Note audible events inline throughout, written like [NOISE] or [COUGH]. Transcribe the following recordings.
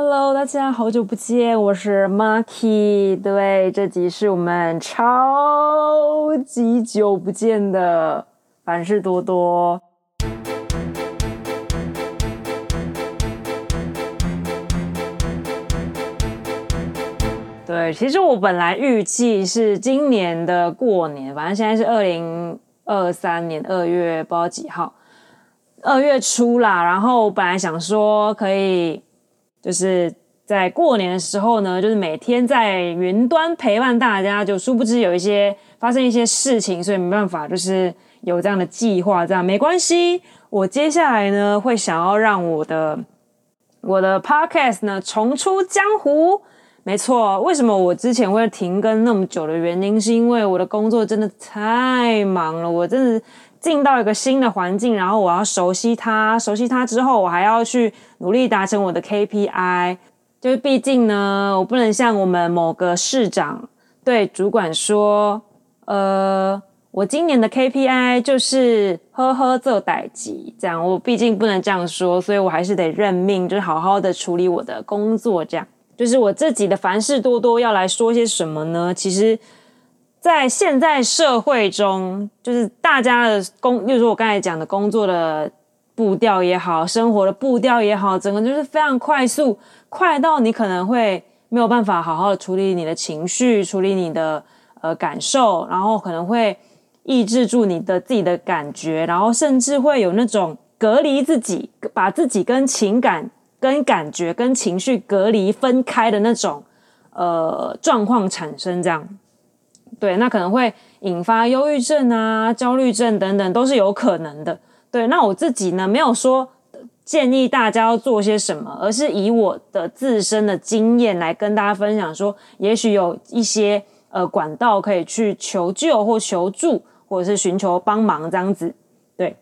Hello，大家好久不見，我是 Marky。對，這集是我們超級久不見的煩事多多。對，其實我本來預計是今年的過年，反正現在是二零二三年二月不知道幾號，二月初啦。然後我本來想說可以。就是在過年的時候呢，就是每天在雲端陪伴大家，就殊不知有一些發生一些事情，所以沒辦法，就是有這樣的計劃。這樣沒關係，我接下來呢會想要讓我的我的 podcast 呢重出江湖。沒錯，為什麼我之前會停更那麼久的原因，是因為我的工作真的太忙了，我真的。進到一個新的環境，然後我要熟悉它，熟悉它之後，我還要去努力達成我的 KPI。就是畢竟呢，我不能像我們某個市長對主管說：“呃，我今年的 KPI 就是呵呵做代誌。”這樣，我畢竟不能這樣說，所以我還是得認命，就是好好的處理我的工作。這樣，就是我自己的煩事多多要來說些什麼呢？其實。在現在社會中，就是大家的工，就是我剛才講的工作的步調也好，生活的步調也好，整個就是非常快速，快到你可能會沒有辦法好好的處理你的情緒，處理你的呃感受，然後可能會抑制住你的自己的感覺，然後甚至會有那種隔離自己，把自己跟情感、跟感覺、跟情緒隔離分開的那種呃狀況產生，這樣。對，那可能會引發憂鬱症啊、焦慮症等等，都是有可能的。對，那我自己呢，沒有說建議大家要做些什麼，而是以我的自身的經驗來跟大家分享說，說也許有一些呃管道，可以去求救或求助，或者是尋求幫忙這樣子。對，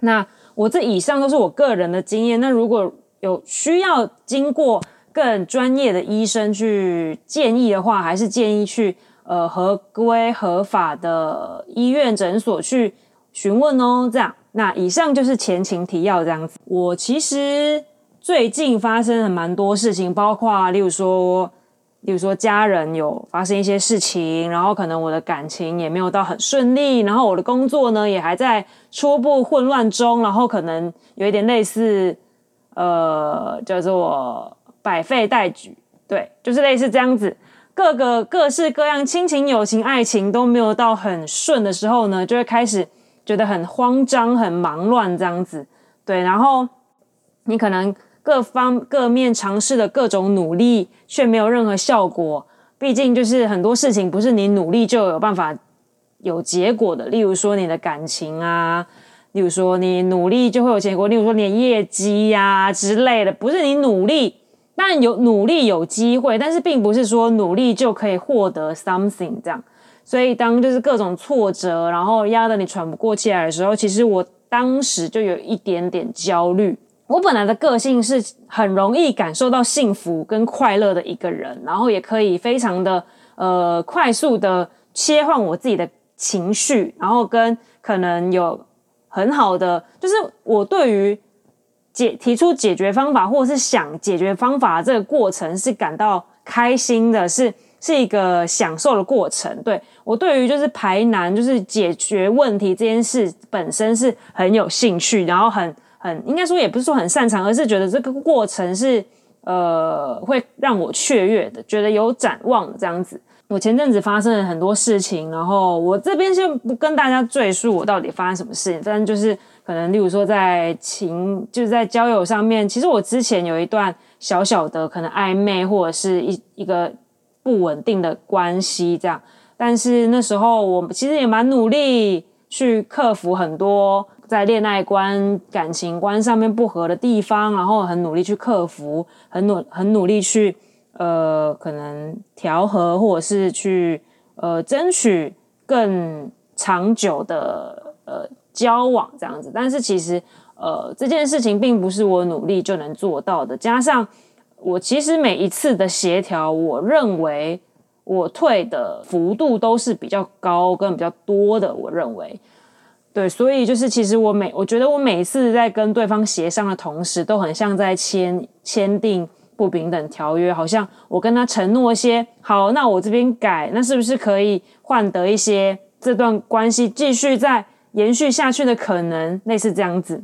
那我這以上都是我個人的經驗。那如果有需要經過更專業的醫生去建議的話，還是建議去。呃，合規合法的醫院診所去詢問哦，這樣。那以上就是前情提要，這樣子。我其實最近發生了蠻多事情，包括例如說，例如說家人有發生一些事情，然後可能我的感情也沒有到很順利，然後我的工作呢也還在初步混亂中，然後可能有一點類似，呃，叫做百廢待舉，對，就是類似這樣子。各個各式各樣親情、友情、愛情都沒有到很順的時候呢，就會開始覺得很慌張、很忙亂這樣子。對，然後你可能各方各面嘗試的各種努力，卻沒有任何效果。畢竟就是很多事情不是你努力就有辦法有結果的。例如說你的感情啊，例如說你努力就會有結果，例如說你的業績呀之類的，不是你努力。但有努力有機會，但是並不是說努力就可以獲得 something 這樣。所以當就是各種挫折，然後壓得你喘不過氣來的時候，其實我當時就有一點點焦慮。我本來的個性是很容易感受到幸福跟快樂的一個人，然後也可以非常的，呃，快速的切換我自己的情緒，然後跟可能有很好的，就是我對於。解提出解決方法，或者是想解決方法，這個過程是感到開心的，是是一個享受的過程。對我對於就是排難，就是解決問題這件事本身是很有興趣，然後很很應該說也不是說很擅長，而是覺得這個過程是呃會讓我雀躍的，覺得有展望這樣子。我前陣子發生了很多事情，然後我這邊就不跟大家贅述我到底發生什麼事情，但是就是。可能，例如說，在情就是在交友上面，其實我之前有一段小小的可能曖昧，或者是一一個不穩定的關係這樣。但是那時候，我其實也蠻努力去克服很多在戀愛觀、感情觀上面不合的地方，然後很努力去克服，很努很努力去呃，可能調和，或者是去呃爭取更長久的呃。交往這樣子，但是其實，呃，這件事情並不是我努力就能做到的。加上我其實每一次的協調，我認為我退的幅度都是比較高跟比較多的。我認為，對，所以就是其實我每我覺得我每次在跟對方協商的同時，都很像在簽簽訂不平等條約，好像我跟他承諾一些，好，那我這邊改，那是不是可以換得一些這段關係繼續在。延續下去的可能類似這樣子，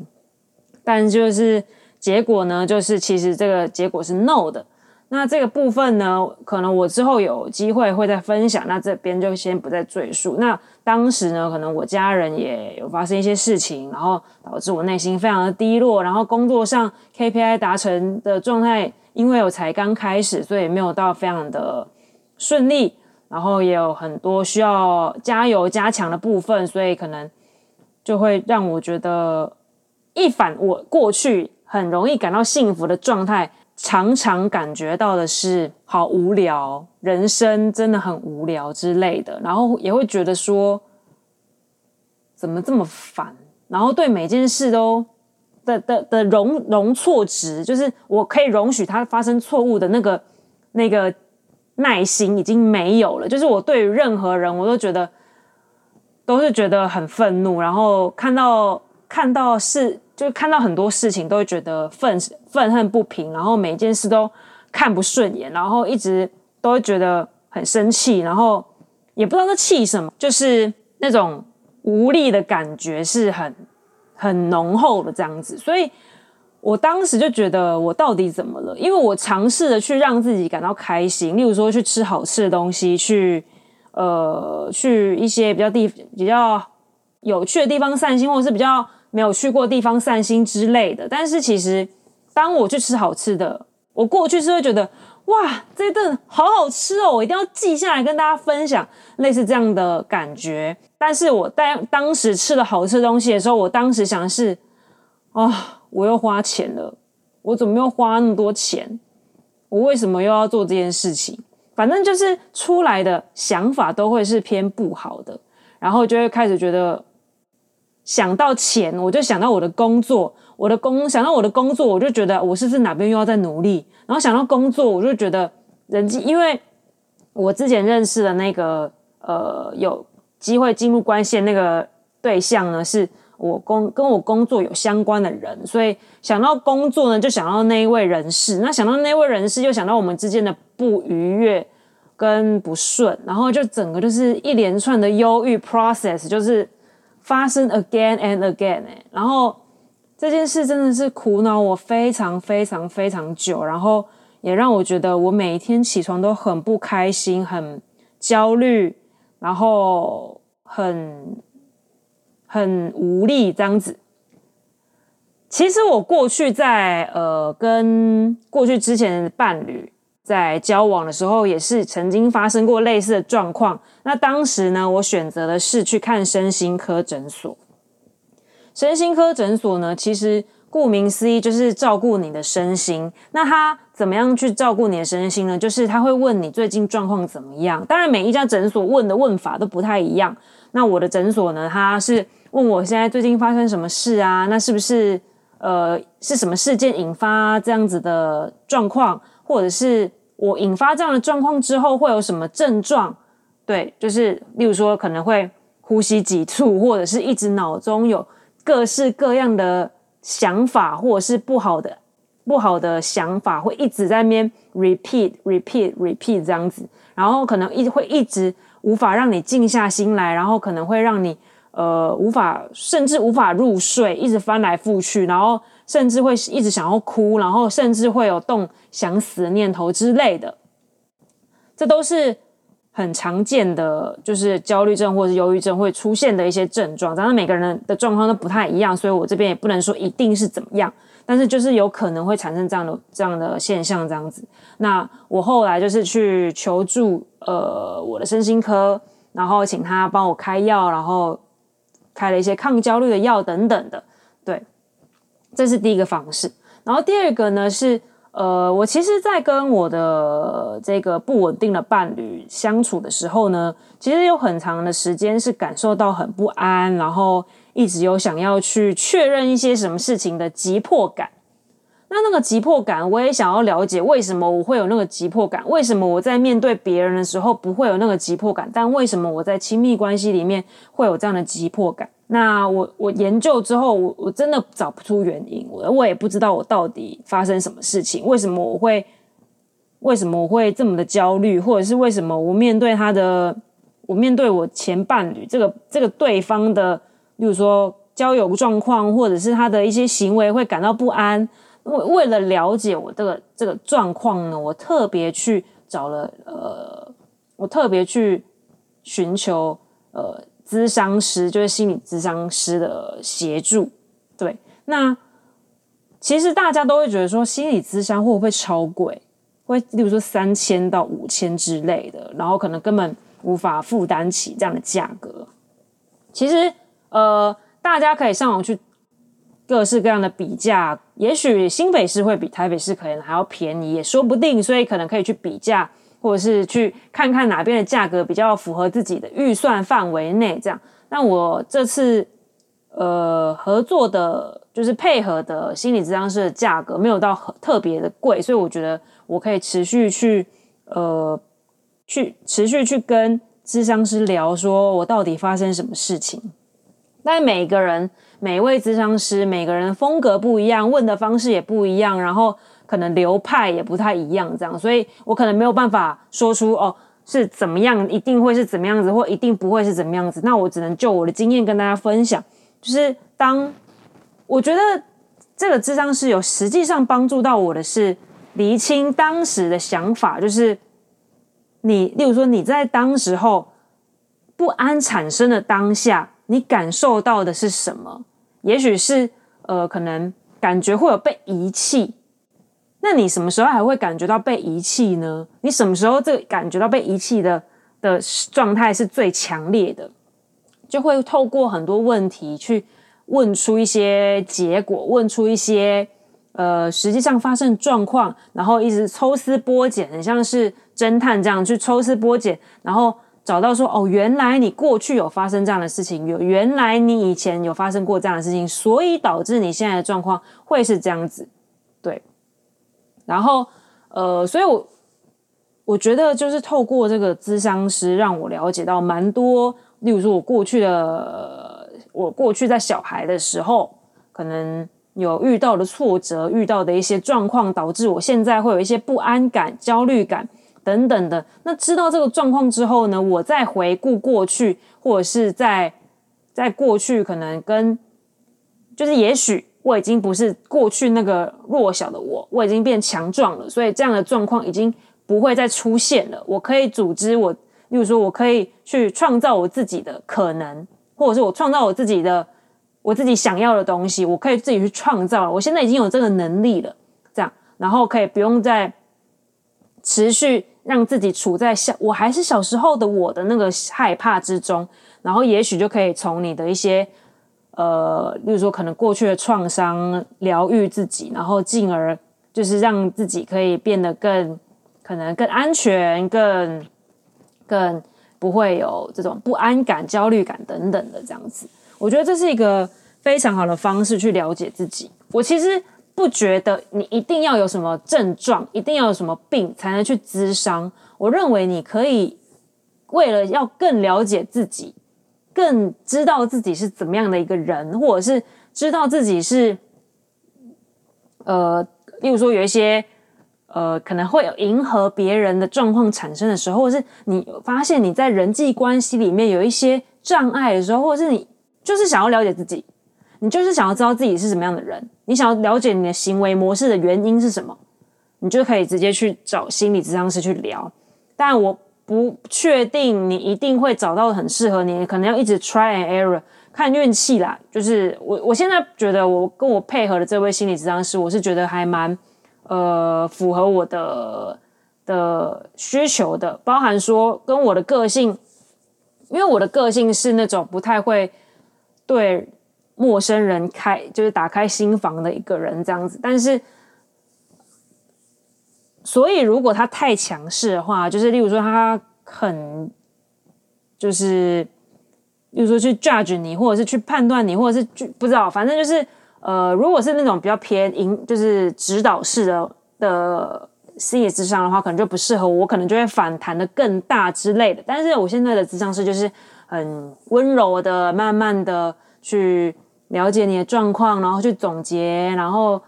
但就是結果呢，就是其實這個結果是 no 的。那這個部分呢，可能我之後有機會會再分享，那這邊就先不再贅述。那當時呢，可能我家人也有發生一些事情，然後導致我內心非常的低落，然後工作上 KPI 達成的狀態，因為我才剛開始，所以沒有到非常的順利，然後也有很多需要加油加強的部分，所以可能。就會讓我覺得一反我過去很容易感到幸福的狀態，常常感覺到的是好無聊，人生真的很無聊之類的。然後也會覺得說怎麼這麼煩，然後對每件事都的的的容容錯值，就是我可以容許它發生錯誤的那個那個耐心已經沒有了。就是我對於任何人，我都覺得。都是覺得很憤怒，然後看到看到事，就看到很多事情都會覺得憤憤恨不平，然後每一件事都看不順眼，然後一直都會覺得很生氣，然後也不知道是氣什麼，就是那種無力的感覺是很很濃厚的這樣子，所以我當時就覺得我到底怎麼了？因為我嘗試着去讓自己感到開心，例如說去吃好吃的東西，去。呃，去一些比較地比較有趣的地方散心，或者是比較沒有去過的地方散心之類的。但是其實，當我去吃好吃的，我過去是會覺得哇，這頓好好吃哦，我一定要記下來跟大家分享，類似這樣的感覺。但是我當當時吃了好吃的東西的時候，我當時想的是啊、呃，我又花錢了，我怎麼又花那麼多錢？我為什麼又要做這件事情？反正就是出來的想法都會是偏不好的，然後就會開始覺得想到錢，我就想到我的工作，我的工想到我的工作，我就覺得我是不是哪邊又要再努力，然後想到工作，我就覺得人際，因為我之前認識的那個呃有機會進入關係的那個對象呢是。我工、跟我工作有相關的人，所以想到工作呢，就想到那一位人士。那想到那位人士，又想到我們之間的不愉悅跟不順，然後就整個就是一連串的憂鬱 process，就是發生 again and again，欸。然後這件事真的是苦惱我非常非常非常久，然後也讓我覺得我每一天起床都很不開心、很焦慮，然後很。很無力這樣子。其實我過去在呃跟過去之前的伴侶在交往的時候，也是曾經發生過類似的狀況。那當時呢，我選擇的是去看身心科診所。身心科診所呢，其實顧名思義就是照顧你的身心。那他怎麼樣去照顧你的身心呢？就是他會問你最近狀況怎麼樣。當然，每一家診所問的問法都不太一樣。那我的診所呢，他是。問我現在最近發生什麼事啊？那是不是呃是什麼事件引發這樣子的狀況，或者是我引發這樣的狀況之後會有什麼症狀？對，就是例如說可能會呼吸急促，或者是一直腦中有各式各樣的想法，或者是不好的不好的想法會一直在那邊 repeat repeat repeat 這樣子，然後可能一會一直無法讓你靜下心來，然後可能會讓你。呃，無法甚至無法入睡，一直翻來覆去，然後甚至會一直想要哭，然後甚至會有動想死的念頭之類的。這都是很常見的，就是焦慮症或者是憂鬱症會出現的一些症狀。當然，每個人的狀況都不太一樣，所以我這邊也不能說一定是怎麼樣，但是就是有可能會產生這樣的這樣的現象，這樣子。那我後來就是去求助，呃，我的身心科，然後請他幫我開藥，然後。開了一些抗焦慮的藥等等的，對，這是第一個方式。然後第二個呢是，呃，我其實在跟我的這個不穩定的伴侶相處的時候呢，其實有很長的時間是感受到很不安，然後一直有想要去確認一些什麼事情的急迫感。那那個急迫感，我也想要了解為什麼我會有那個急迫感？為什麼我在面對別人的時候不會有那個急迫感？但為什麼我在親密關係裡面會有這樣的急迫感？那我我研究之後我，我我真的找不出原因，我我也不知道我到底發生什麼事情？為什麼我會為什麼我會這麼的焦慮？或者是為什麼我面對他的，我面對我前伴侶這個這個對方的，比如說交友狀況，或者是他的一些行為，會感到不安？為為了了解我這個這個狀況呢，我特別去找了呃，我特別去尋求呃，諮商師，就是心理諮商師的協助。對，那其實大家都會覺得說，心理諮商會不會超貴？會，例如說三千到五千之類的，然後可能根本無法負擔起這樣的價格。其實，呃，大家可以上網去。各式各樣的比價，也許新北市會比台北市可能還要便宜，也說不定。所以可能可以去比價，或者是去看看哪邊的價格比較符合自己的預算範圍內。這樣，那我這次呃合作的，就是配合的心理諮商師的價格沒有到特別的貴，所以我覺得我可以持續去呃去持續去跟諮商師聊，說我到底發生什麼事情。但每個人。每位諮商師，每個人的風格不一樣，問的方式也不一樣，然後可能流派也不太一樣，這樣，所以我可能沒有辦法說出哦是怎麼樣，一定會是怎麼樣子，或一定不會是怎麼樣子。那我只能就我的經驗跟大家分享，就是當我覺得這個諮商師有實際上幫助到我的是，釐清當時的想法，就是你，例如說你在當時候不安產生的當下。你感受到的是什麼？也許是呃，可能感覺會有被遺棄。那你什麼時候還會感覺到被遺棄呢？你什麼時候這感覺到被遺棄的的狀態是最強烈的？就會透過很多問題去問出一些結果，問出一些呃，實際上發生狀況，然後一直抽絲剝繭，很像是偵探這樣去抽絲剝繭，然後。找到說哦，原來你過去有發生這樣的事情，有原來你以前有發生過這樣的事情，所以導致你現在的狀況會是這樣子，對。然後呃，所以我我覺得就是透過這個諮商師，讓我了解到蠻多，例如說我過去的，我過去在小孩的時候，可能有遇到的挫折，遇到的一些狀況，導致我現在會有一些不安感、焦慮感。等等的，那知道這個狀況之後呢，我再回顧過去，或者是在在過去，可能跟就是也許我已經不是過去那個弱小的我，我已經變強壯了，所以這樣的狀況已經不會再出現了。我可以組織我，例如說，我可以去創造我自己的可能，或者是我創造我自己的我自己想要的東西，我可以自己去創造。我現在已經有這個能力了，這樣，然後可以不用再，持續讓自己處在小，我還是小時候的我的那個害怕之中，然後也許就可以從你的一些，呃，例如說可能過去的創傷療癒自己，然後進而就是讓自己可以變得更可能更安全，更更不會有這種不安感、焦慮感等等的這樣子。我覺得這是一個非常好的方式去了解自己。我其實。不覺得你一定要有什麼症狀，一定要有什麼病才能去諮商。我認為你可以為了要更了解自己，更知道自己是怎麼樣的一個人，或者是知道自己是呃，例如說有一些呃，可能會有迎合別人的狀況產生的時候，或者是你發現你在人際關係裡面有一些障礙的時候，或者是你就是想要了解自己。你就是想要知道自己是什麼樣的人，你想要了解你的行為模式的原因是什麼，你就可以直接去找心理諮商師去聊。但我不確定你一定會找到很適合你，可能要一直 try and error，看運氣啦。就是我我現在覺得我跟我配合的這位心理諮商師，我是覺得還蠻呃符合我的的需求的，包含說跟我的個性，因為我的個性是那種不太會對。陌生人開，就是打開心房的一個人這樣子，但是，所以如果他太強勢的話，就是例如說他很就是，比如說去 judge 你，或者是去判斷你，或者是去，不知道，反正就是呃，如果是那種比較偏引，就是指導式的的心理諮商的話，可能就不適合我，我可能就會反彈的更大之類的。但是我現在的諮商是就是很溫柔的，慢慢的去。了解你的狀況，然後去總結，然後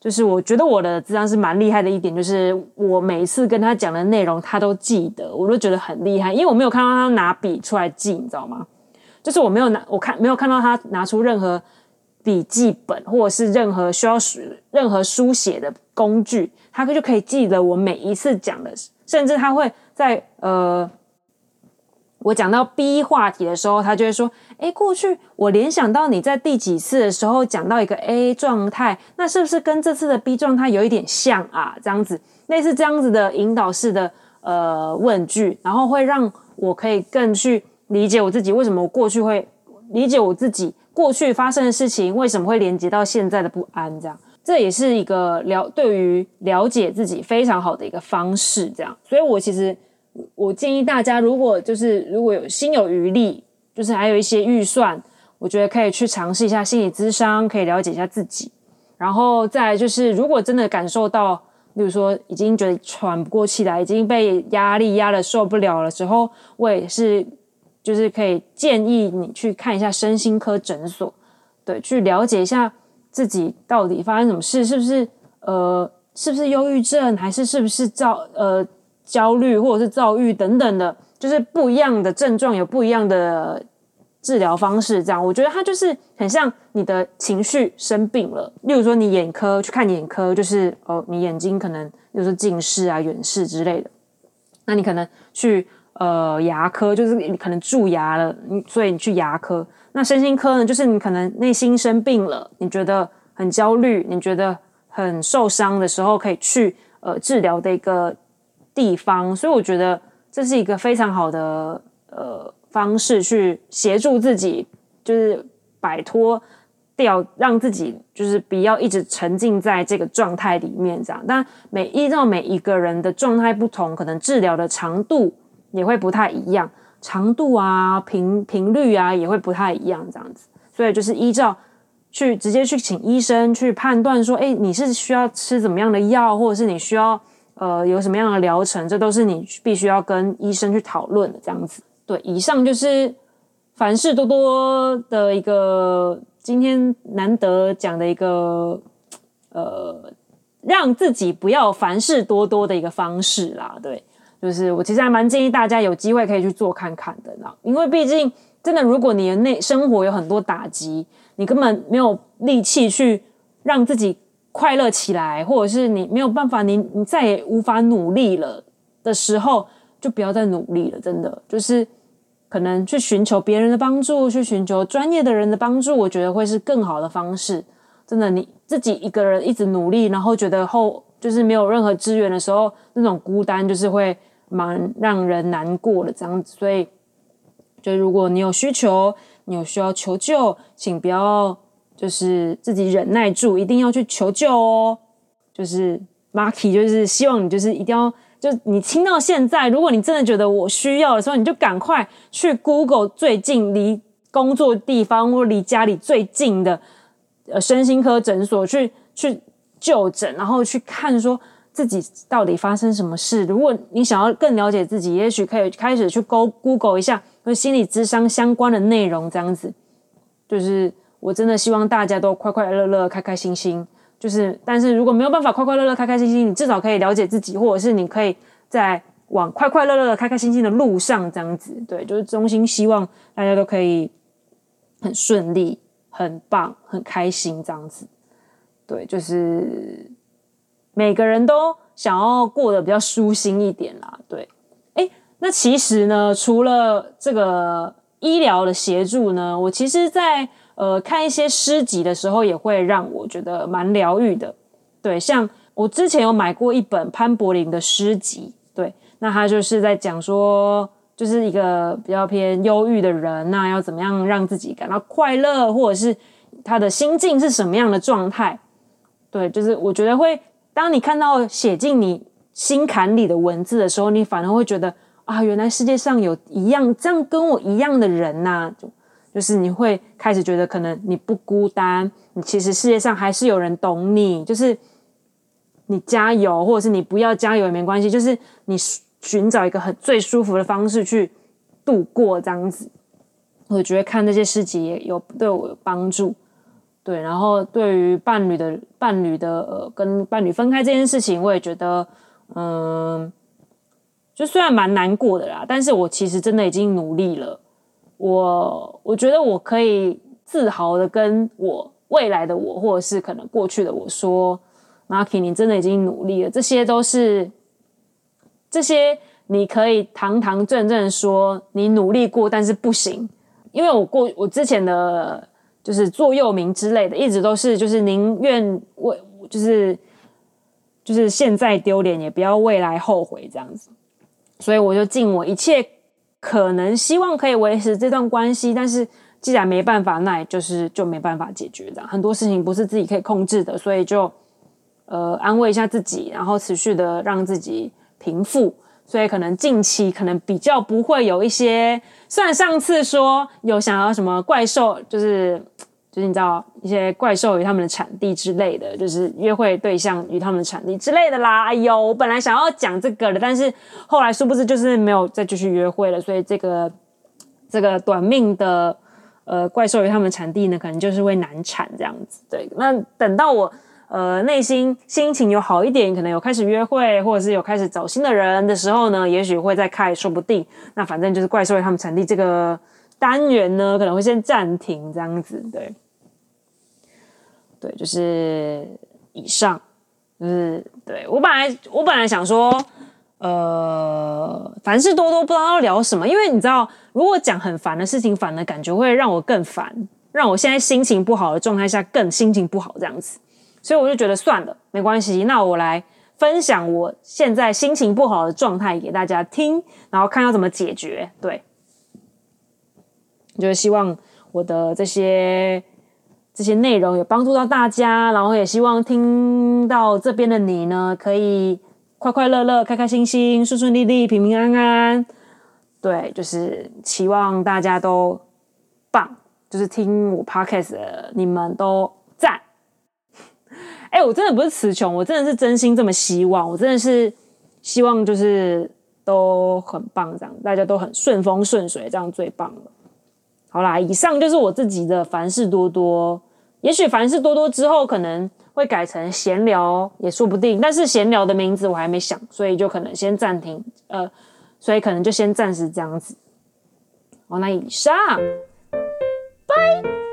就是我覺得我的智商是蠻厲害的一點，就是我每一次跟他講的內容，他都記得，我都覺得很厲害，因為我沒有看到他拿筆出來記，你知道嗎？就是我沒有拿，我看沒有看到他拿出任何筆記本或者是任何需要書、任何書寫的工具，他就可以記得我每一次講的，甚至他會在呃。我講到 B 話題的時候，他就會說：“哎，過去我聯想到你在第幾次的時候講到一個 A 狀態，那是不是跟這次的 B 狀態有一點像啊？”這樣子，類似這樣子的引導式的呃問句，然後會讓我可以更去理解我自己為什麼，我過去會理解我自己過去發生的事情為什麼會連接到現在的不安，這樣這也是一個了對於了解自己非常好的一個方式，這樣，所以我其實。我建議大家，如果就是如果有心有餘力，就是還有一些預算，我覺得可以去嘗試一下心理諮商，可以了解一下自己。然後再來就是，如果真的感受到，比如說已經覺得喘不過氣來，已經被壓力壓得受不了了之後，我也是就是可以建議你去看一下身心科診所，對，去了解一下自己到底發生什麼事，是不是呃，是不是憂鬱症，還是是不是造呃。焦慮或者是躁鬱等等的，就是不一樣的症狀，有不一樣的治療方式。這樣，我覺得它就是很像你的情緒生病了。例如說，你眼科去看眼科，就是哦、呃，你眼睛可能，就是近視啊、遠視之類的，那你可能去呃牙科，就是你可能蛀牙了，所以你去牙科。那身心科呢，就是你可能內心生病了，你覺得很焦慮，你覺得很受傷的時候，可以去呃治療的一個。地方，所以我覺得這是一個非常好的呃方式去協助自己，就是擺脫掉讓自己就是不要一直沉浸在這個狀態裡面這樣。但每依照每一個人的狀態不同，可能治療的長度也會不太一樣，長度啊、頻頻率啊也會不太一樣這樣子。所以就是依照去直接去請醫生去判斷說，誒，你是需要吃怎麼樣的藥，或者是你需要。呃，有什麼樣的療程，這都是你必須要跟醫生去討論的，這樣子。對，以上就是煩事多多的一個今天難得講的一個呃，讓自己不要煩事多多的一個方式啦。對，就是我其實還蠻建議大家有機會可以去做看看的呢，因為畢竟真的，如果你的內生活有很多打擊，你根本沒有力氣去讓自己。快樂起來，或者是你沒有辦法，你你再也無法努力了的時候，就不要再努力了。真的，就是可能去尋求別人的幫助，去尋求專業的人的幫助，我覺得會是更好的方式。真的，你自己一個人一直努力，然後覺得後就是沒有任何資源的時候，那種孤單就是會蠻讓人難過的。這樣子，所以就如果你有需求，你有需要求救，請不要。就是自己忍耐住，一定要去求救哦。就是 Marky，就是希望你就是一定要，就你聽到現在，如果你真的覺得我需要的時候，你就趕快去 Google 最近離工作地方或離家裡最近的呃身心科診所去去就診，然後去看說自己到底發生什麼事。如果你想要更了解自己，也許可以開始去 Go Google 一下和心理諮商相關的內容，這樣子就是。我真的希望大家都快快樂樂、開開心心。就是，但是如果沒有辦法快快樂樂、開開心心，你至少可以了解自己，或者是你可以在往快快樂樂、開開心心的路上這樣子。對，就是衷心希望大家都可以很順利、很棒、很開心這樣子。對，就是每個人都想要過得比較舒心一點啦。對，哎、欸，那其實呢，除了這個醫療的協助呢，我其實，在呃，看一些詩集的時候，也會讓我覺得蠻療癒的。對，像我之前有買過一本潘柏林的詩集，對，那他就是在講說，就是一個比較偏憂鬱的人，啊，那要怎麼樣讓自己感到快樂，或者是他的心境是什麼樣的狀態？對，就是我覺得會，當你看到寫進你心坎裡的文字的時候，你反而會覺得啊，原來世界上有一樣這樣跟我一樣的人吶，啊。就是你會開始覺得可能你不孤單，你其實世界上還是有人懂你。就是你加油，或者是你不要加油也沒關係。就是你尋找一個很最舒服的方式去度過這樣子。我覺得看這些詩集也有對我有幫助。對，然後對於伴侶的伴侶的呃，跟伴侶分開這件事情，我也覺得嗯，就雖然蠻難過的啦，但是我其實真的已經努力了。我我覺得我可以自豪的跟我未來的我，或者是可能過去的我說，Marky，你真的已經努力了。這些都是這些你可以堂堂正正說你努力過，但是不行，因為我過我之前的就是座右銘之類的，一直都是就是寧願為就是就是現在丟臉，也不要未來後悔這樣子。所以我就盡我一切。可能希望可以維持這段關係，但是既然沒辦法，那就是就沒辦法解決這樣。很多事情不是自己可以控制的，所以就呃安慰一下自己，然後持續的讓自己平復。所以可能近期可能比較不會有一些，雖然上次說有想要什麼怪獸，就是。就是你知道一些怪獸與他們的產地之類的，就是約會對象與他們的產地之類的啦。哎呦，我本來想要講這個的，但是後來殊不知就是沒有再繼續約會了，所以這個這個短命的呃怪獸與他們的產地呢，可能就是會難產這樣子。對，那等到我呃內心心情有好一點，可能有開始約會，或者是有開始找新的人的時候呢，也許會再開，說不定。那反正就是怪獸與他們產地這個。單元呢可能會先暫停這樣子，對，對，就是以上，就是，對。我本來我本來想說，呃，煩事多多不知道要聊什麼，因為你知道，如果講很煩的事情，煩的感覺會讓我更煩，讓我現在心情不好的狀態下更心情不好這樣子，所以我就覺得算了，沒關係，那我來分享我現在心情不好的狀態給大家聽，然後看要怎麼解決，對。就是希望我的這些這些內容也幫助到大家，然後也希望聽到這邊的你呢，可以快快樂樂、開開心心、順順利利、平平安安。對，就是期望大家都棒，就是聽我 podcast 的你們都讚。哎， [LAUGHS] 我真的不是詞窮，我真的是真心這麼希望，我真的是希望就是都很棒，這樣大家都很順風順水，這樣最棒了。好啦，以上就是我自己的煩事多多。也許煩事多多之後可能會改成閒聊，也說不定。但是閒聊的名字我還沒想，所以就可能先暫停。呃，所以可能就先暫時這樣子。好，那以上，拜。